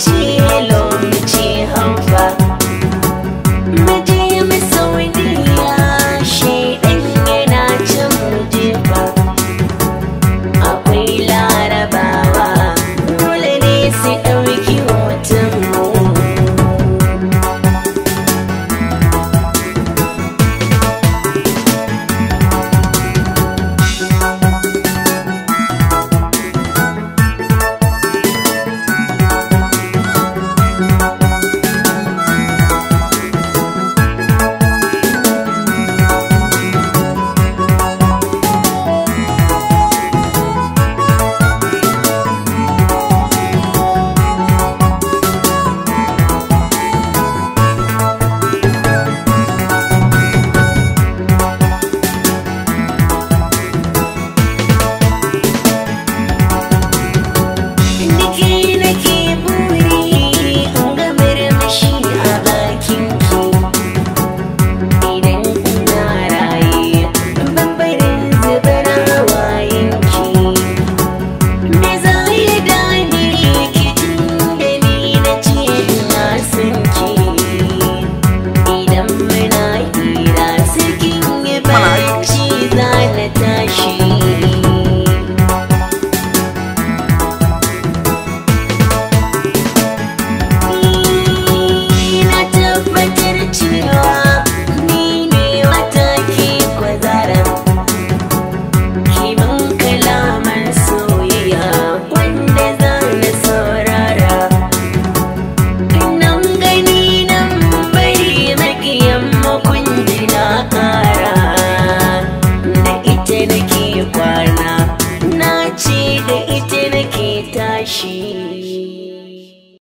cielo